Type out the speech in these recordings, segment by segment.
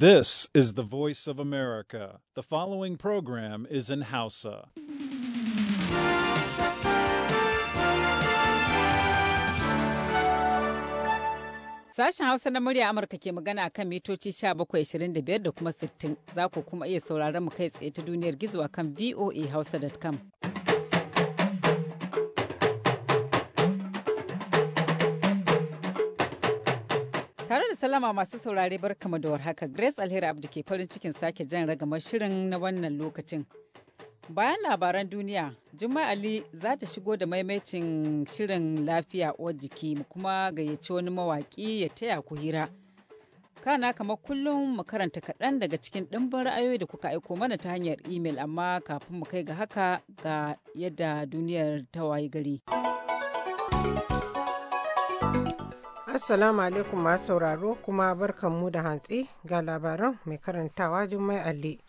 This is the voice of America. The following program is in Hausa. Sashen Hausa na murya Amurka ke magana a kan mitoci 1725 da kuma 60 za ku kuma iya sauraron mu kai tsaye ta duniyar gizo a kan voahausa.com. Tare da salama masu saurare kama da warhaka Grace Alheri Abdu ke farin cikin sake jan ragamar shirin na wannan lokacin. Bayan labaran duniya, juma'a Ali za ta shigo da maimacin shirin lafiya uwar jiki mu kuma gayyaci wani mawaƙi ya taya ku hira. Kana kamar kullum mu karanta kaɗan daga cikin ɗimbin ra'ayoyi da kuka aiko mana ta hanyar imel amma kafin mu kai ga haka ga yadda duniyar ta wayi gari. Assalamu alaikum masu sauraro kuma mu da hantsi ga labaran mai karantawa Jummai Ali.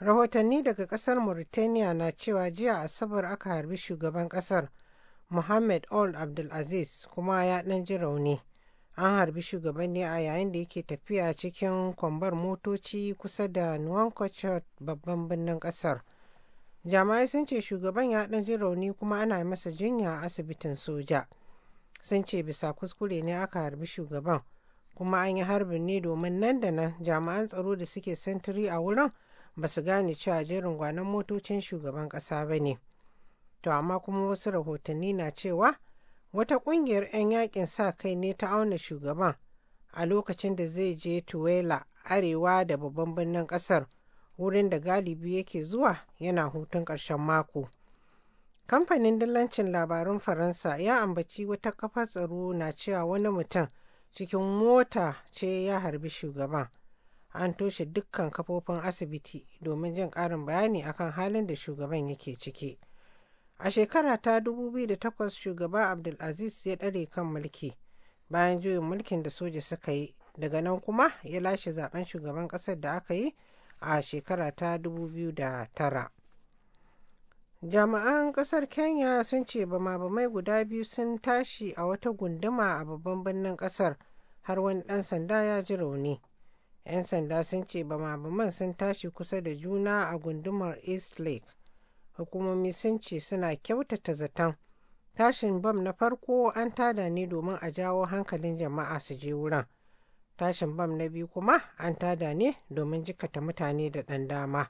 Rahotanni daga kasar Mauritania na cewa jiya Asabar aka harbi shugaban kasar Muhammad ol Abdulaziz kuma ya ɗan ji rauni. An harbi shugaban ne a yayin da yake tafiya cikin kwambar motoci kusa da Nouakchott babban birnin kasar. Jama'ai sun ce shugaban ya ɗan ji rauni kuma ana masa jinya a asibitin soja. sun ce bisa kuskure ne aka harbi shugaban kuma an yi harbin ne domin nan da nan jami'an tsaro da suke sentiri a wurin ba su gane cewa jerin gwanon motocin shugaban ƙasa ba ne to amma kuma wasu rahotanni na cewa wata ƙungiyar 'yan yakin sa kai ne ta auna shugaban a lokacin da zai je tuwela arewa da babban birnin ƙasar wurin da galibi yake zuwa yana hutun ƙarshen mako. Kamfanin dillancin labarun Faransa ya ambaci wata kafar tsaro na cewa wani mutum cikin mota ce ya harbi shugaban. An toshe dukkan kafofin asibiti domin jin karin bayani akan halin da shugaban yake ciki. A shekara ta 2008 shugaba Abdulaziz ya ɗare kan mulki bayan juyin mulkin da soja suka yi daga nan kuma ya lashe zaben shugaban ƙasar da aka yi a shekara ta 2009. jami'an kasar kenya sun ce bama-bamai guda biyu sun tashi a wata gunduma a babban birnin kasar har wani dan sanda ya ji rauni 'yan sanda sun ce bama-baman sun tashi kusa da juna a gundumar east lake hukumomi sun ce suna kyautata zaton tashin bam na farko an tada ne domin a jawo hankalin jama'a su je wurin tashin bam na biyu kuma an tada ne domin jikata mutane da ɗan dama.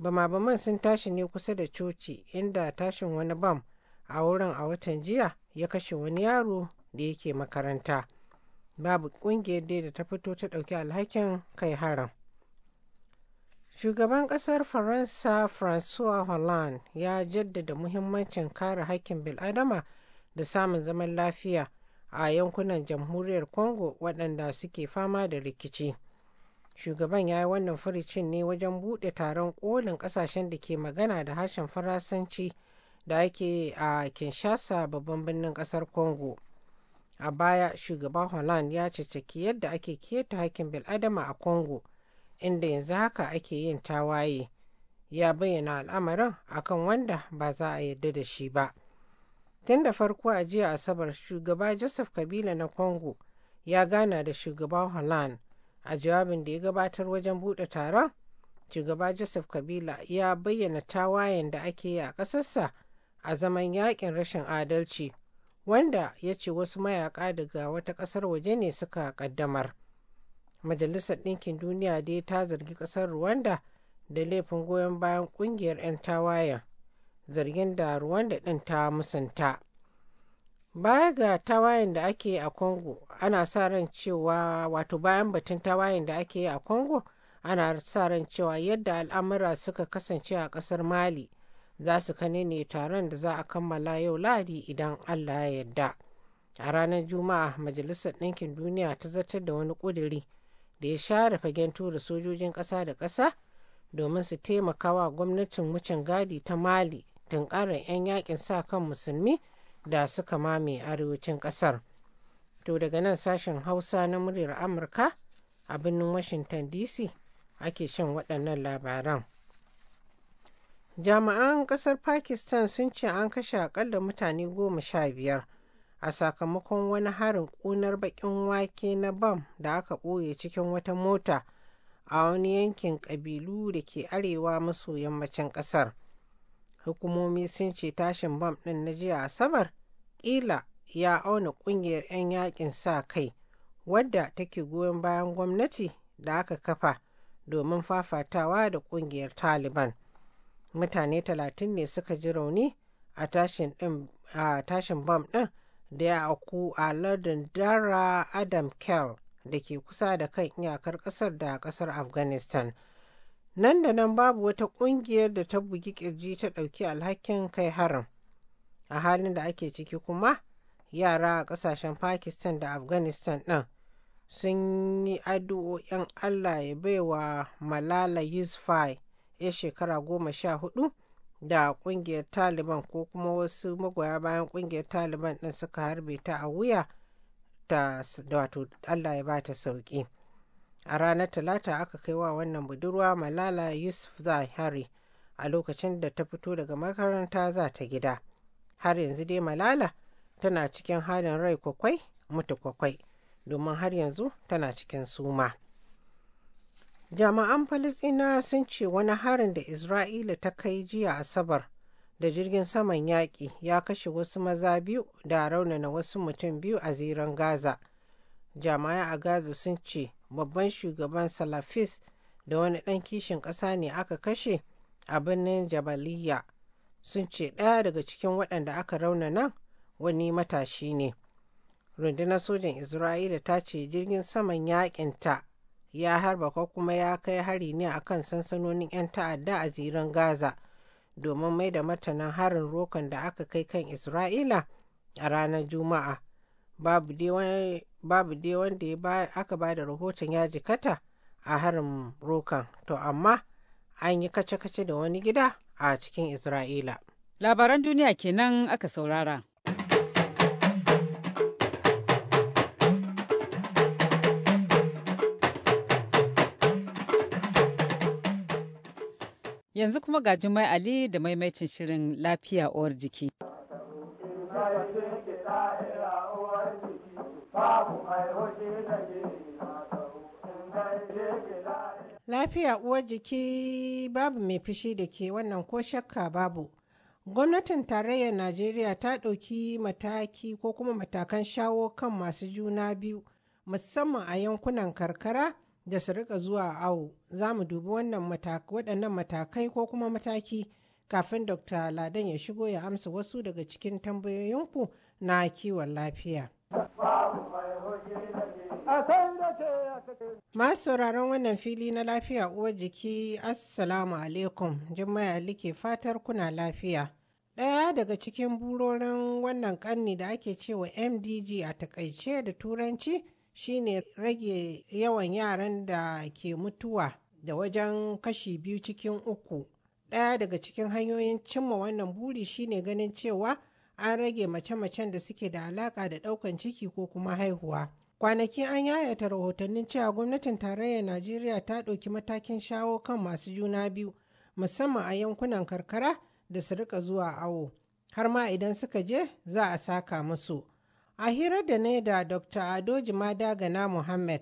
Bama-baman sun tashi ne kusa da coci inda tashin wani bam a wurin a watan jiya ya kashe wani yaro da yake makaranta. Babu kungiyar dai da ta fito ta dauki alhakin kai haram. Shugaban kasar Faransa François Hollande ya jaddada muhimmancin kare haƙƙin bil'adama da samun zaman lafiya a yankunan jamhuriyar Congo waɗanda suke fama da rikici. shugaban ya yi wannan furicin ne wajen buɗe taron kolin ƙasashen da ke magana da harshen faransanci da ake a kinshasa babban birnin ƙasar congo a baya shugaba holland ya cecaki yadda ake keta hakkin bil'adama a congo inda yanzu haka ake yin tawaye ya bayyana al'amarin akan wanda ba za a yarda da shi ba tun da farko a jiya asabar shugaba joseph kabila na congo ya gana da shugaba holland a jawabin da ya gabatar wajen buɗe taron shugaba joseph kabila ya bayyana tawayen da ake yi a ƙasarsa a zaman yakin rashin adalci wanda ya ce wasu mayaka daga wata ƙasar waje ne suka ƙaddamar majalisar ɗinkin duniya dai ta zargi ƙasar rwanda da laifin goyon bayan ƙungiyar 'yan tawayen zargin da rwanda ɗin ta musanta Baya ga tawayen da ake a Congo, ana sa ran cewa wato bayan batun tawayen da ake yi a Congo, ana sa ran cewa yadda al'amura suka kasance a ƙasar Mali za su ne taron da za a kammala yau Lahadi idan Allah ya yarda. A ranar Juma'a, Majalisar Ɗinkin Duniya ta zartar da wani ƙuduri da ya share fagen tura sojojin ƙasa da ƙasa domin su taimakawa gwamnatin wucin gadi ta Mali tunkarar 'yan yakin sa kan musulmi da suka mame arewacin ƙasar. To daga nan sashen Hausa na muryar Amurka a birnin Washington DC ake shan waɗannan labaran. Jami'an ƙasar Pakistan sun ce an kashe akalla mutane goma sha biyar a sakamakon wani harin ƙunar baƙin wake na bam da aka ɓoye cikin wata mota a wani yankin ƙabilu da ke arewa maso yammacin ƙasar. Hukumomi sun ce tashin bam ɗin na jiya Asabar kila ya auna ƙungiyar 'yan yaƙin sa-kai wadda take goyon bayan gwamnati da aka kafa domin fafatawa da ƙungiyar taliban mutane talatin ne suka ji rauni a tashin bam ɗin da ya auku a lardin dara adam kel da ke kusa da kan iyakar ƙasar da ƙasar afghanistan nan da nan babu wata ƙungiyar da ta bugi kirji ta ɗauki alhakin kai harin a halin da ake ciki kuma yara a kasashen pakistan da afghanistan ɗin sun yi addu'o'in allah ya baiwa malala yusufai ya shekara goma sha hudu da kungiyar taliban ko kuma wasu magoya bayan kungiyar taliban ɗin suka harbe ta a wuya da wato allah ya bata sauki a ranar talata aka kai wa wannan budurwa malala yusuf hari a lokacin da ta fito daga makaranta za ta gida har yanzu dai malala tana cikin halin rai kwakwai mutu kwakwai domin har yanzu tana cikin suma jama'an falisina sun ce wani harin da isra'ila ta kai jiya asabar da jirgin saman yaƙi ya kashe wasu maza biyu da raunana wasu mutum biyu a ziran gaza jama'a a gaza sun ce babban shugaban salafis da wani ɗan kishin ƙasa ne aka kashe a birnin jabaliya sun ce ɗaya daga cikin waɗanda aka rauna nan, wani matashi ne rundunar sojan isra'ila ta ce jirgin saman ta ya harba ko kuma ya kai hari ne a kan sansanonin 'yan ta'adda a ziran gaza domin mai da matanan harin rokan da aka kai kan isra'ila a ranar juma'a babu dai wanda aka ba da rahoton ya jikata a harin rokan to amma an yi kace-kace da wani gida a cikin Isra'ila. Labaran duniya kenan aka saurara. Yanzu kuma ga mai Ali da maimaitin shirin lafiya uwar jiki. Babu mai hoji da Lafiya uwar jiki babu mai fushi da ke wannan ko shakka babu. Gwamnatin tarayyar Najeriya ta ɗauki mataki ko kuma matakan shawo kan masu juna biyu musamman a yankunan karkara da su rika zuwa awo. Za mu dubi waɗannan matakai ko kuma mataki kafin Dr. Ladan ya shigo ya amsa wasu daga cikin tambayoyinku na kiwon lafiya. Ma sauraron wannan fili na lafiya uwar jiki Assalamu alaikum Jummai like fatar kuna lafiya. Ɗaya daga cikin burorin wannan ƙanni da ake cewa MDG a takaice da turanci shine rage yawan yaran da ke mutuwa da wajen kashi biyu cikin uku. Ɗaya daga cikin hanyoyin cimma wannan buri shine ganin cewa an rage mace-macen da suke da alaƙa da ɗaukan ciki ko kuma haihuwa. kwanaki an yayata rahotannin cewa gwamnatin tarayyar najeriya ta ɗauki matakin shawo kan masu juna biyu musamman a yankunan karkara da su rika zuwa awo har ma idan suka je za a saka musu a hirar da ne da dr ado jimada gana muhammad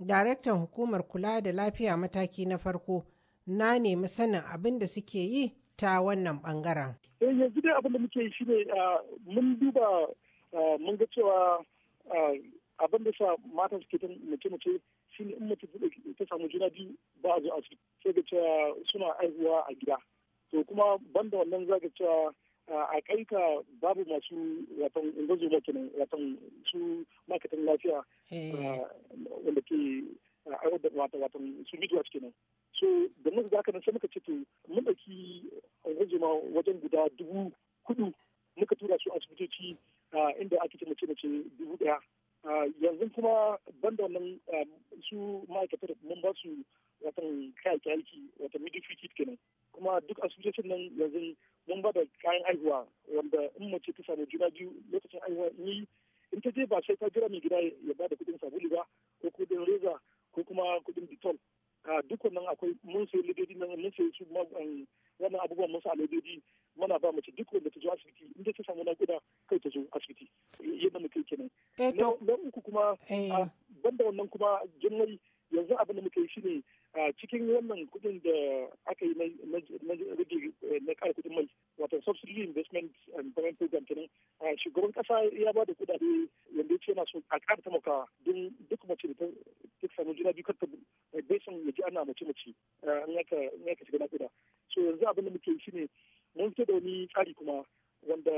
daraktan hukumar kula da lafiya mataki na farko na nemi sanin abin da suke yi ta wannan bangaren. Eh, yanzu dai abin da muke yi shine ah, mun duba ah, mun ga cewa ah, abin da sa matan suke ta mace mace shi ne in mace ta samu juna biyu ba a zo asibiti sai ga cewa suna aihuwa a gida to kuma banda wannan za ga cewa ah, a kaika babu masu watan ba kenan watan su makatan lafiya eh. ah, wanda ke ah, aiwar da wata wata su midwives kenan so da muka zaka nan sai muka ce to mun ɗauki ma wajen guda dubu hudu muka tura su asibitoci inda ake ce mace mace dubu ɗaya yanzu kuma banda wannan um, su ma'aikata mun ba su watan kayayyaki aiki watan midwifery kit kenan kuma duk asibitocin nan yanzu mun ba da kayan haihuwa wanda in mace ta samu juna biyu lokacin haihuwa in in ta je ba sai ta jira mai gida ya ba da kuɗin sabulu ba ko kuɗin reza ko kuma kuɗin bitol duk wannan akwai mun sayi ledodi nan mun sayi su um, wannan abubuwan mun sa ledodi muna ba mace duk wanda ta zo asibiti in ta samu naƙuda kai ta zo asibiti Eh na uku kuma eh. ah, banda wannan kuma jimmai yanzu abin da muke shi ne ah, cikin wannan kudin da aka yi eh, na rage na kara kudin mai wato subsidy investment and payment program kenan ah, shugaban kasa ya ba da kudade wanda ya ce yana so a kara taimakawa don duk mace da ta samu juna biyu kar ta besan ya ji ana mace mace in aka shiga nakuda so yanzu abin da muke shi ne mun fito da wani tsari kuma wanda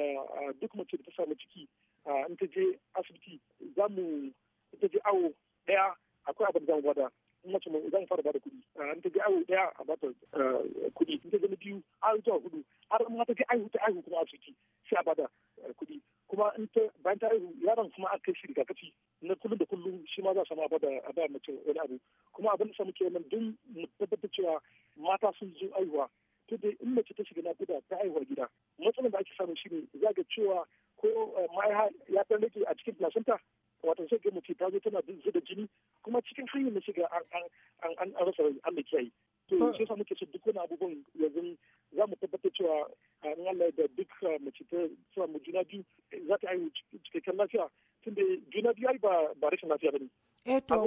duk mace da ta samu ciki in ta je asibiti za mu in ta je awo ɗaya akwai abin da za mu bada in mace mu za mu fara bada kuɗi in ta je awo ɗaya a bata kuɗi in ta je na biyu har zuwa hudu har ma ta je aihu ta aihu kuma asibiti sai a bada kuɗi kuma in ta bayan ta aihu yaron kuma aka kai shi rigakafi na kullum da kullum shi ma za a samu a bada a bada mace wani abu kuma abin da samu kenan don mu tabbatar cewa mata sun zo aihuwa ta dai in mace ta shiga na ta aihuwa gida matsalar da ake samu shine za ga cewa ko eh, maya ya dan rage a cikin placenta wato sai ke mace ta zo tana zuba jini kuma cikin hanyar na shiga an an an rasa da kiyaye to hmm. shi yasa muke son duk wani abubuwan yanzu za mu tabbatar cewa an eh, Allah da duk eh, mace ta mu juna biyu za ta yi cikakken lafiya tun da juna biyu ai ba rashin lafiya ne eh to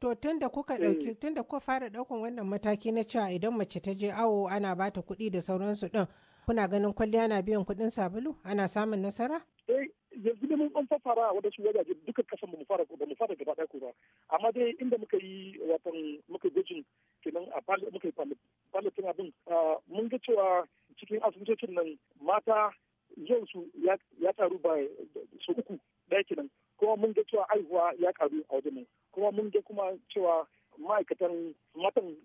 to tunda kuka dauki tunda kuka fara daukan wannan mataki na cewa idan mace ta je awo ana bata kuɗi da sauransu ɗin. kuna ganin kwalliya na biyan kuɗin sabulu ana samun nasara? Eh, yanzu ne mun a fara wadansu wajaje duka kasan mu fara ba mu fara gaba ɗaya ba amma dai inda muka yi watan muka gwajin kenan a muka yi palatin abin mun ga cewa cikin asibitocin nan mata yau su ya taru ba su uku ɗaya kenan kuma mun ga cewa aihuwa ya karu a wajen nan kuma mun ga kuma cewa ma'aikatan matan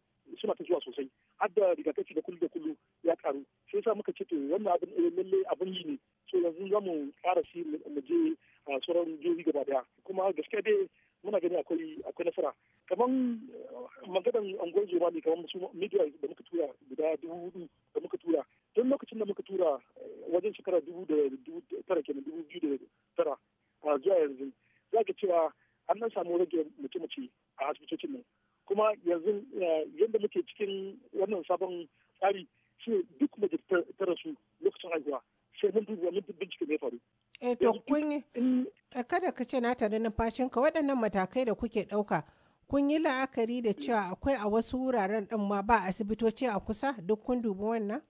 suna ta zuwa sosai hadda rigakafi da kullu da kullu ya karu sai yasa muka ce to wannan abin eh, lalle abin yi ne so yanzu za mu fara shi mu je a sauran jihohi gaba daya kuma gaskiya dai muna gani akwai akwai nasara kamar eh, maganan angon zoma ne kamar su media da muka tura guda dubu hudu da muka tura don lokacin da muka tura eh, wajen shekara dubu da dubu tara kenan dubu biyu da tara a zuwa yanzu za ka cewa an nan samu rage mace-mace a asibitocin nan kuma yanzu eh, yadda muke cikin wannan sabon tsari shi duk mace ta rasu lokacin haihuwa sai mun duba mun bincike mai faru eh to kun yi eh, kada ka ce na tare numfashin ka waɗannan matakai da kuke ɗauka kun yi la'akari da cewa akwai a wasu wuraren ɗin ma ba asibitoci a kusa duk kun dubi wannan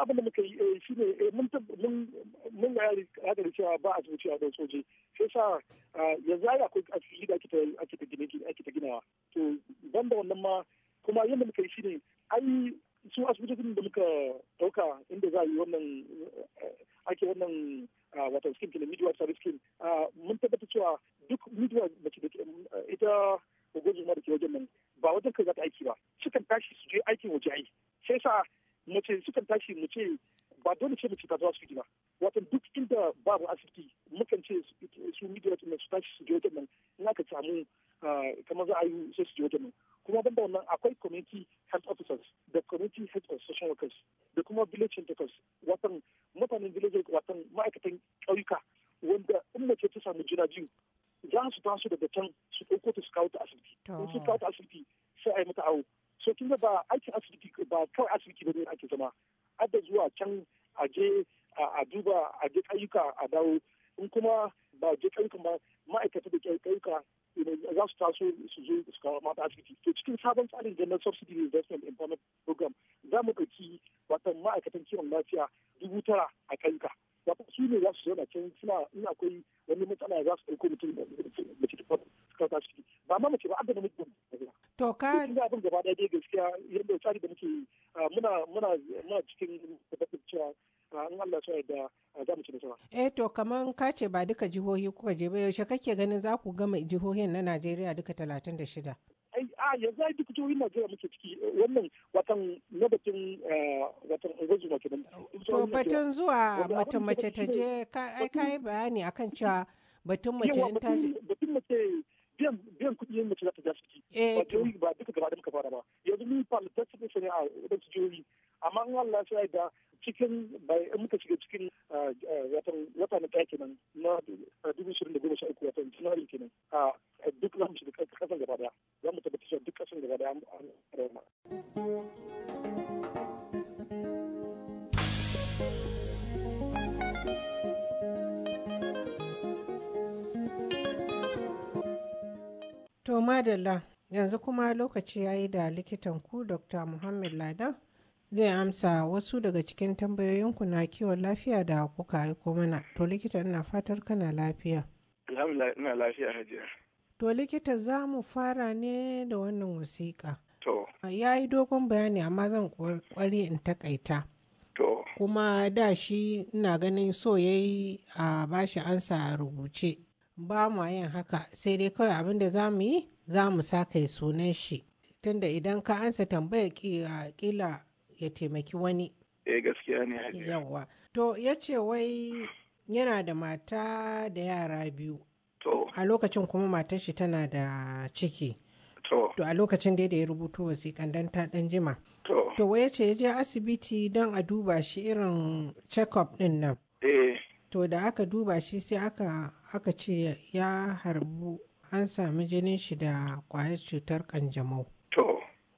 abin da muka yi eh, shi ne eh, mun mun yari haka da cewa ba asibiti a ɗan soji sai sa yanzu ai akwai asibiti da ake ta gina ake ta ginawa to ban da wannan ma kuma yadda muka yi shi ne ai su asibitocin da muka dauka inda za a yi wannan eh, ake wannan wata skin kenan midwife service skin mun tabbata cewa duk midwife mace da ita ma da ke wajen nan ba wajen kai za ta aiki ba sukan tashi su je aikin waje ai sai sa mace sukan tashi mu ce ba dole ce mace ta zuwa su ba wato duk inda babu asibiti mukan ce su midiya su tashi su je wajen nan in aka samu ah, kamar za a yi sai su je nan ma cikin tabbatar cewa an Allah ya da za mu ci nasara. Eh to kaman ka ce ba duka jihohi kuka je ba yaushe kake ganin za ku gama jihohin na Najeriya duka talatin da shida. a yanzu ai duk jihohin Najeriya muke ciki wannan watan na batun eh, watan ungwaji ma kenan. To batun zuwa wata mace ta je ai ka yi bayani akan cewa batun mace in ta je. Batun mace biyan biyan kuɗi yin mace za ta ja ciki. Eh. Ba duka gaba da muka fara ba. Yanzu ni fa da su ne a wadansu jihohi amma in Allah ya da cikin bai in muka shiga cikin ah, ah, wata na ɗaya kenan na dubu shirin da goma sha uku watan janarin kenan a duk za mu shiga kasan gaba daya za mu tabbatar duk kasan gaba daya an rauna. To madalla yanzu kuma lokaci ya yi da likitan ku Dr. Muhammad Ladan zai amsa wasu daga cikin tambayoyinku na kiwon lafiya da kuka aiko mana to likita ina fatar kana lafiya alhamdulillah ina lafiya hajiya to likita za mu fara ne da wannan wasiƙa to ya yi dogon bayani amma zan kwari in takaita to kuma da shi ina ganin so ya yi a bashi ansa a rubuce ba mu yin haka sai dai kawai abin da za mu yi za mu sa kai sunan shi tunda idan ka ansa tambayar kila ya taimaki wani. Eh gaskiya ne Yawwa. To ya ce wai yana da mata da yara biyu. To. A lokacin kuma matar shi tana da ciki. To. To a lokacin da ya rubuto wasiƙan dan ta ɗan jima. To. To wai ya ce ya je asibiti don a duba shi irin check-up ɗin nan. Eh. To da aka duba shi sai aka aka ce ya harbu an sami jinin shi da kwayar cutar kanjamau.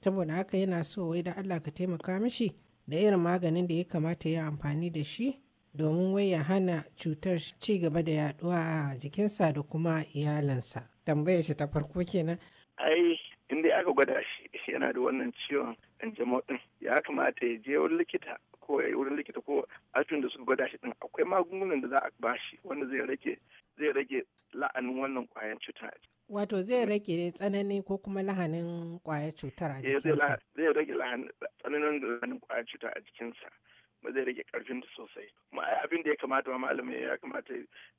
saboda haka yana so wai da Allah ka taimaka mishi da irin maganin da ya kamata ya amfani da shi domin wai ya hana cutar ci gaba da yaduwa a jikinsa da kuma iyalinsa tambayar shi ta farko kenan ai in dai aka gwada shi yana da wannan ciwon kanjamau din ya kamata ya je wurin likita ko ya yi wurin likita ko asibitin da suka gwada shi din akwai magungunan da za a ba shi wanda zai rage zai rage la'anin wannan kwayan cuta wato zai rage tsanani ko kuma lahanin kwayar cutar a eh, jikinsa zai rage tsananin lahanin kwayar cuta a jikinsa kuma zai rage karfin sosai kuma abin da ya kamata ma malamai ya kamata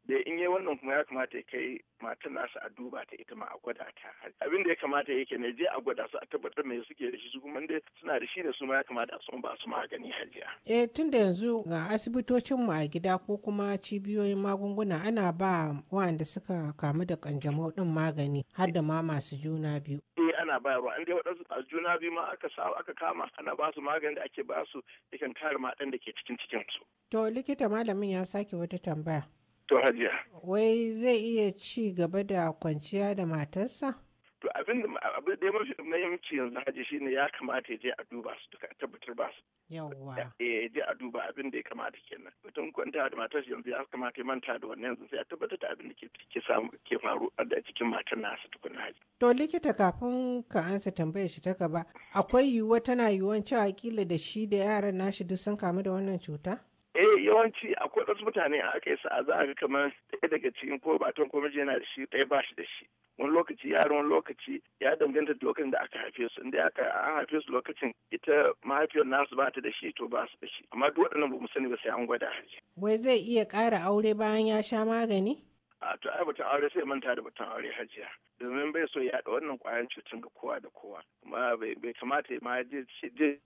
da in yi wannan kuma ya kamata ya kai matan nasa a duba ta ita ma a gwada ta abin da ya kamata yake ne je a gwada su a tabbatar me suke da shi su kuma dai suna da shi ne su ma ya kamata su ba su magani hajiya eh tun da yanzu ga asibitocin mu a gida ko kuma cibiyoyin magunguna ana ba waɗanda suka kamu da kanjamau din magani har da ma masu juna biyu ana bayarwa an dai waɗansu a juna biyu ma aka sa aka kama ana ba su magani da ake ba su yakan kare maɗan da ke cikin cikin su. To likita malamin ya sake wata tambaya. To hajiya. Wai zai iya ci gaba da kwanciya da matarsa? to abin da abin da mafi muhimmanci yanzu haji shine ya kamata ya je a duba su duka tabbatar ba su yawwa eh, ya je a duba abin da ya kamata kenan mutum kwanta da matar yanzu ya kamata ya manta da wannan yanzu sai a tabbatar da abin da ke ke samu ke faru a cikin matar nasa tukuna haji to likita kafin ka ansa tambayar shi ta gaba akwai yiwuwa tana yiwuwan cewa kila da shi da yaran nashi duk sun kamu da wannan cuta eh yawanci akwai wasu mutane a aka yi sa'a za a ga kamar ɗaya daga cikin ko baton ko miji yana da shi ɗaya ba shi da shi wani lokaci yaro wani lokaci ya danganta da lokacin da aka haife su inda aka an haife su lokacin ita mahaifiyar nasu ba ta da shi to ba su da shi amma duk waɗannan ba mu sani ba sai an gwada wai zai iya ƙara aure bayan ya sha magani a to ai batun aure sai manta da batun aure hajiya domin bai so yaɗa wannan ƙwayan cutar ga kowa da kowa kuma bai kamata ma je je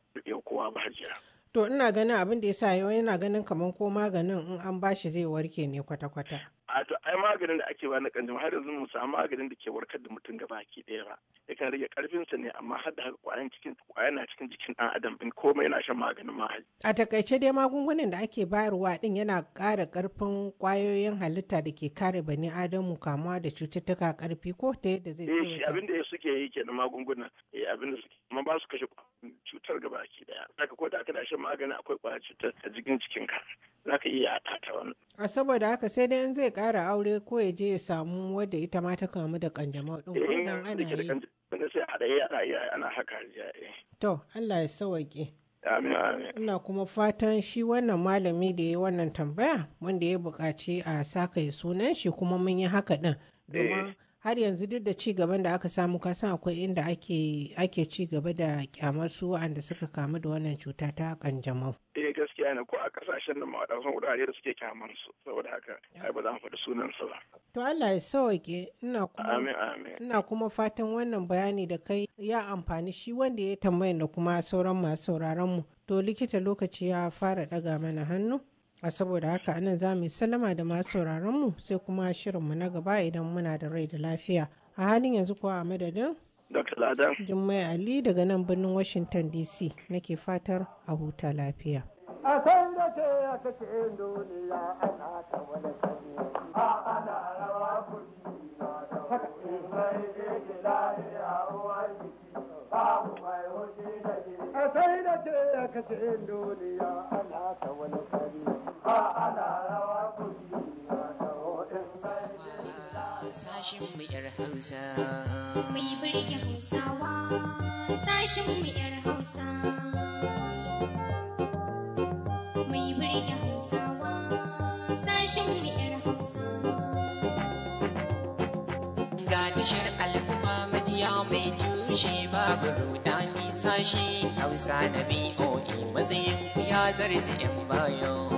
kowa ba hajiya To ina ganin abin da ya sa yau yana ganin kamar ko maganin in an bashi zai warke ne kwata-kwata. A to ai maganin da ake ba na kanjamau har yanzu mu samu maganin da ke warkar da mutum gaba ki ɗaya ba. Yakan rage karfinsa ne amma har da haka kwayan cikin kwayan na cikin jikin ɗan adam din komai yana shan maganin ma A takaice dai magungunan da ake bayarwa din yana ƙara ƙarfin kwayoyin halitta da ke kare bani adamu kamuwa da cututtuka ƙarfi ko ta yadda zai. Eh abin da suke yi kenan magungunan. Eh abin da suke amma ba su kashe cutar gaba ki daya zaka ko da kana shan magani akwai kwayar cutar a jikin cikin ka zaka iya yada ta wannan a saboda haka sai dai an zai kara aure ko ya je ya samu wadda ita ma ta kamu da kanjamau din eh, wannan ana yi ne sai a ɗaya ana iya ana haka jaye eh. to Allah ya sauke Ina kuma fatan shi wannan malami da ya wannan tambaya wanda ya buƙaci a saka sunan shi kuma mun yi haka ɗin eh. har yanzu duk da ci gaban da aka samu ka san akwai inda ake ake ci gaba da kyamar su wanda suka kamu da wannan cuta ta kanjamau eh gaskiya ne ko a kasashen da ma sun wurare da suke kyamar su saboda haka ai ba za mu faɗi sunan su ba to Allah ya sauke ina kuma amin amin ina kuma fatan wannan bayani da kai ya amfani shi wanda ya tambayan da kuma sauran masu sauraron mu to likita lokaci ya fara daga mana hannu a saboda haka anan za mu sallama da masu mu sai kuma shirinmu na gaba idan muna da rai da lafiya a halin yanzu kuwa a madadin dr jummai ali daga nan birnin washington dc nake fatar a huta lafiya a sai da ce ya kace duniya ana ta wani a ana rawa kuɗi a sai da ce ya kace duniya ana ta wani sani Sashin mu ‘yar Hausa. Mu yi birge Hausawa, sashin mu ‘yar Hausa. Mu yi birge Hausawa, sashin mu ‘yar Hausa. Ga tashar al'umma majiya mai tushe babu rudani sashin Hausa na BOE matsayin ya zarje ‘yan bayo.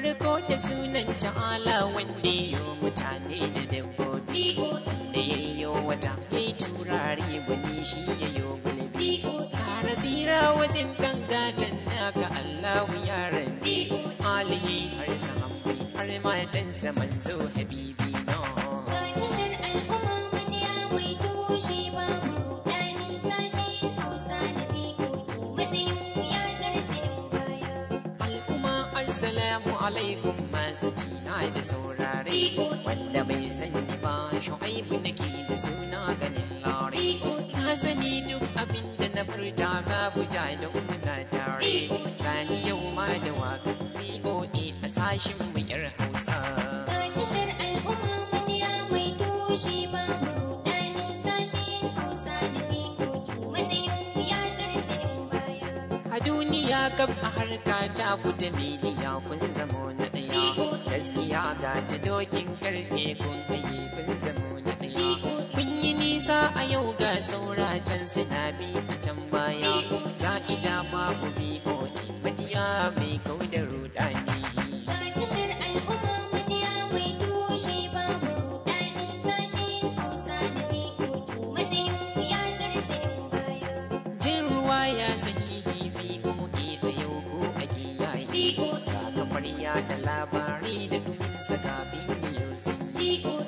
farko da sunan ta'ala wanda mutane da dabbobi da ya yi wata ya yi turare wani shi ya yo gulbi kara tsira wajen gangatan naka allahu yaran bi alihi har sahabbai har matansa manzo habibi sai masu cina da saurare wanda bai sani ba shu'aibu nake da suna ganin lare na sani duk abinda na furta babu jalon muna tare gani yau ma da wakan BOA a sashin mu yar Hausa ta tashar al'umma majiya mai tushe ba rudani sashin Hausa da BOA matsayin ya zarce baya a duniya ya kaf a harka ta kuta da miliya kun zamo na ɗaya gaskiya ga ta dokin karfe kun kai kun zamo na ɗaya kun yi nisa a yau ga saura can suna bi a can baya Za za'ida babu bi majiya mai kau. saka kafin yau sun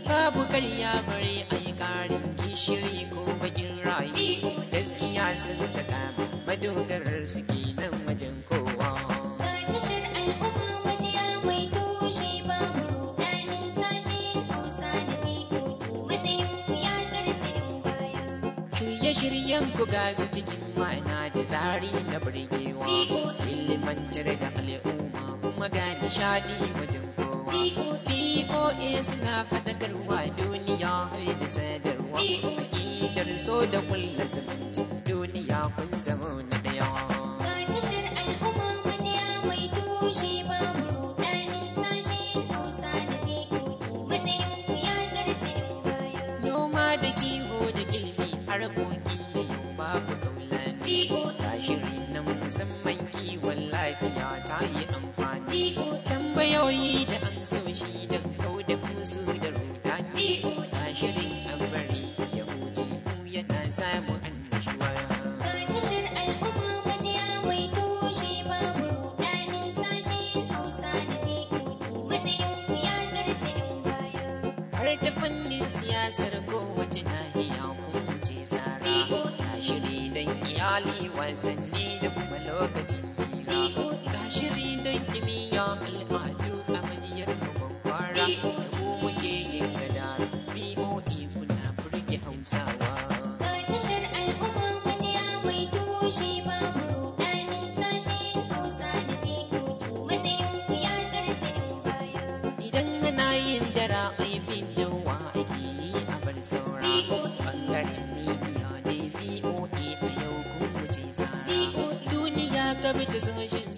babu karya bare a yi karin gishiri ko bakin rayu gaskiya sun ta kama madogarar suke nan wajen kowa tashar al'umma majiya mai toshe ba mu sashe ya Shirye-shiryen ku gasu cikin ma'ana da tsari na birgewa, ilimantar da al'umma kuma ga nishadi wajen BOA suna fadakarwa duniya har da sadarwa. Ƙidar so da kulla zumunci duniya kun zama na daya. Ga tashar al'umma majiya mai tushe ba mu ɗani sashe hausa da BOA matsayin ya zarce baya. Noma da kiwo da girbi harkoki ne babu kaula ne. BOA shirin nan musamman har ta fannin siyasar kowace nahiya ko wuce tsara ga shiri don iyali wasanni da kuma lokaci ga shiri don kimiyya al'adu a majiyar kwakwara ko muke yin gada BOE na burge hausawa. Ga tashar al'umma majiya mai tushe babu zumushin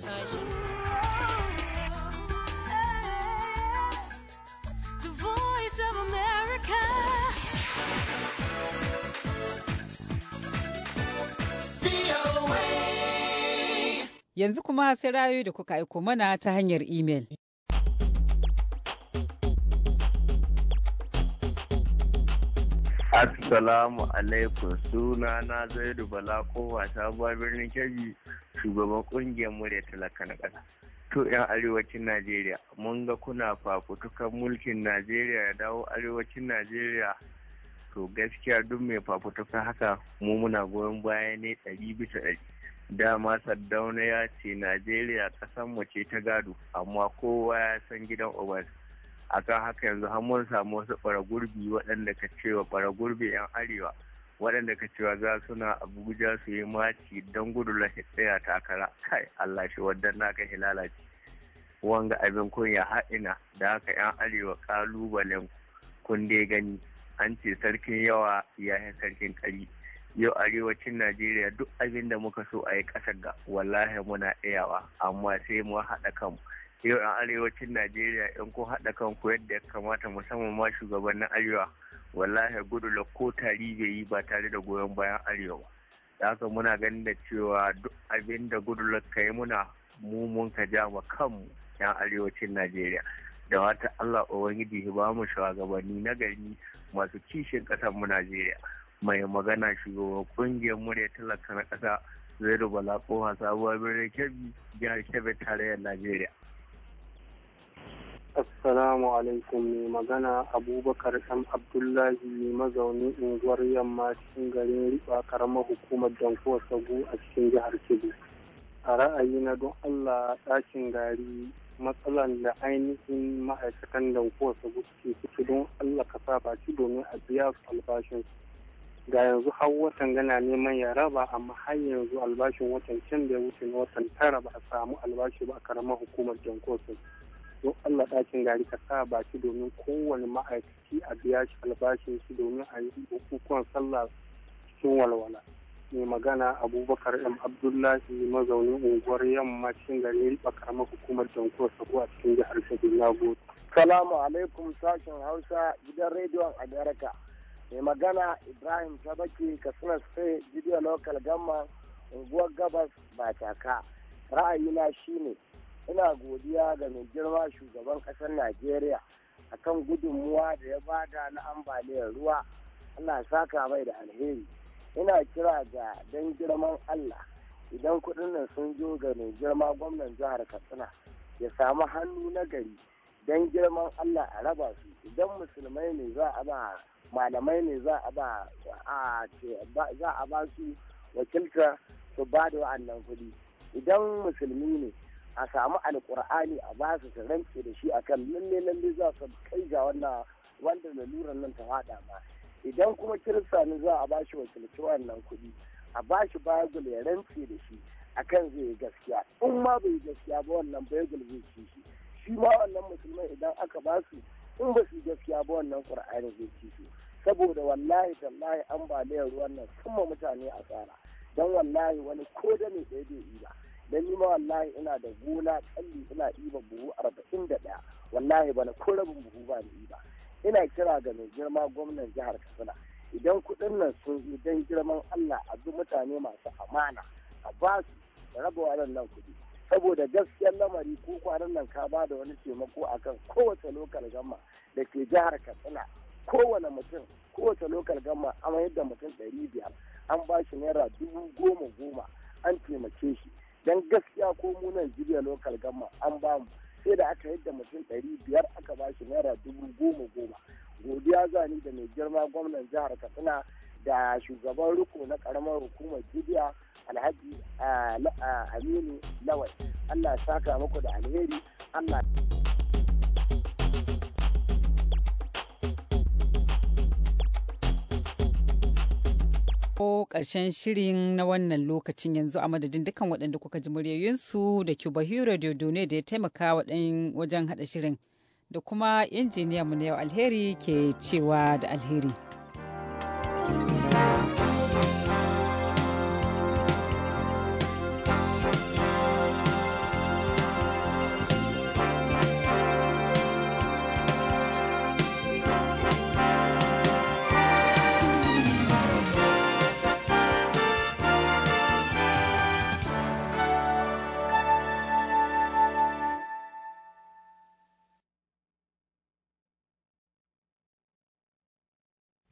Yanzu kuma sai rayu da kuka aiko mana ta hanyar imel. Assalamu alaikum suna na Zaidu Bala kowa ta birnin Kebbi shugaban kungiyar murya talaka na ƙasa to 'yan arewacin najeriya mun ga kuna fafutukan mulkin najeriya ya dawo arewacin najeriya to gaskiya duk mai fafutukan haka mu muna goyon baya ne ɗari bisa ɗari dama saddauna ya ce najeriya ƙasan mu ce ta gado amma kowa ya san gidan obas akan haka yanzu har mun samu wasu ɓaragurbi waɗanda ka cewa ɓaragurbi 'yan arewa waɗanda ka cewa za suna abuja su yi maci don gudula tsaya takara kai allah shi wadan naka hilalaci wanga abin kunya ha'ina da haka yan arewa kalubalen kun dai gani an ce sarkin yawa ya yi sarkin kari yau arewacin najeriya duk abin da muka so a yi ƙasar ga wallahi muna iyawa amma sai mu haɗa kanmu yau yan arewacin najeriya in kun haɗa kanku yadda ya kamata musamman ma shugabannin arewa wallahi da ko tari bai yi ba tare da goyon bayan arewa da haka muna ganin da cewa duk abin da goodluck ka yi muna mu ka ja ma kanmu yan arewacin najeriya da wata allah ubangiji ba mu shugabanni na gari masu kishin ƙasar mu najeriya mai magana shugaban kungiyar murya talaka na ƙasa zai Bala kowa sabuwar birnin kebbi jihar kebbi tarayyar najeriya Assalamu alaikum mai magana Abubakar ɗan Abdullahi ne mazaunin unguwar yamma cikin garin riba karamar hukumar Danko Sagu a cikin jihar Kebbi. A ra'ayi na don Allah ɗakin gari matsalan da ainihin ma'aikatan Danko Sagu suke ciki don Allah ka sa baki domin a biya su albashin ga yanzu har watan gana neman ya raba amma har yanzu albashin watan can ya wuce na watan tara ba a samu albashi ba a karamar hukumar Danko Sagu. don Allah ɗakin gari ka sa baki domin kowane ma'aikaci a biya shi albashin shi domin a yi bukukuwan sallah cikin walwala. Mai magana Abubakar M. Abdullahi mazaunin unguwar yammacin gari karamar hukumar Jankuwar Sako a cikin jihar Kaduna. Salamu alaikum sashen Hausa gidan rediyon Amerika. Mai magana Ibrahim Sabaki Katsina sai Gideon Local Gamma unguwar Gabas Bataka. Ra'ayina shine ina godiya ga mai girma shugaban ƙasar najeriya a kan gudunmuwa da ya bada na ambaliyar ruwa allah saka mai da alheri ina kira ga don girman allah idan kudin nan sun zo ga mai girma gwamnan jihar katsina ya samu hannu na gari don girman allah a raba su idan musulmai ne za a ba malamai ne za a ba za a ba su wakilta su ba da wa'annan kuɗi idan musulmi ne a samu alkur'ani a ba su rance da shi akan lalle lalle za su kai ga wannan wanda laluran nan ta hada ba idan kuma kirista ne za a ba shi wakilci wannan kuɗi a ba shi bible ya rance da shi akan zai yi gaskiya in ma bai gaskiya ba wannan bible zai ci shi shi ma wannan musulmai idan aka ba su in ba su gaskiya ba wannan qur'ani zai ci shi saboda wallahi tallahi ambaliyar ruwan nan kuma mutane a tsara don wallahi wani ko da ne ɗaya bai ba dan ni ma wallahi ina da gona kalli ina ɗiba buhu arba'in da ɗaya wallahi bana ko rabin buhu ba ni ba ina kira ga mai girma gwamnan jihar katsina idan kuɗin nan sun yi dan girman allah a bi mutane masu amana a ba su raba waɗannan kuɗi saboda gaskiyar lamari ko kwanan nan ka ba da wani taimako a kan kowace lokal gamma da ke jihar katsina kowane mutum kowace lokal gamma amma yadda mutum ɗari biyar an ba shi naira dubu goma goma an taimake shi don gaskiya ko mu jirya lokal gama an ba mu sai da aka yadda mutum ɗari biyar aka ba shi naira dubu goma goma godiya za ni da mai girma gwamnan jihar Katsina da shugaban riko na karamar hukumar jibiya alhaji ah, ah, aminu lawal allah saka muku da alheri allah ko ƙarshen shirin na wannan lokacin yanzu a madadin dukkan waɗanda kuka ji muryoyinsu da Cuba Hero dune da ya taimaka wajen haɗa shirin da kuma mu na yau alheri ke cewa da alheri. thank you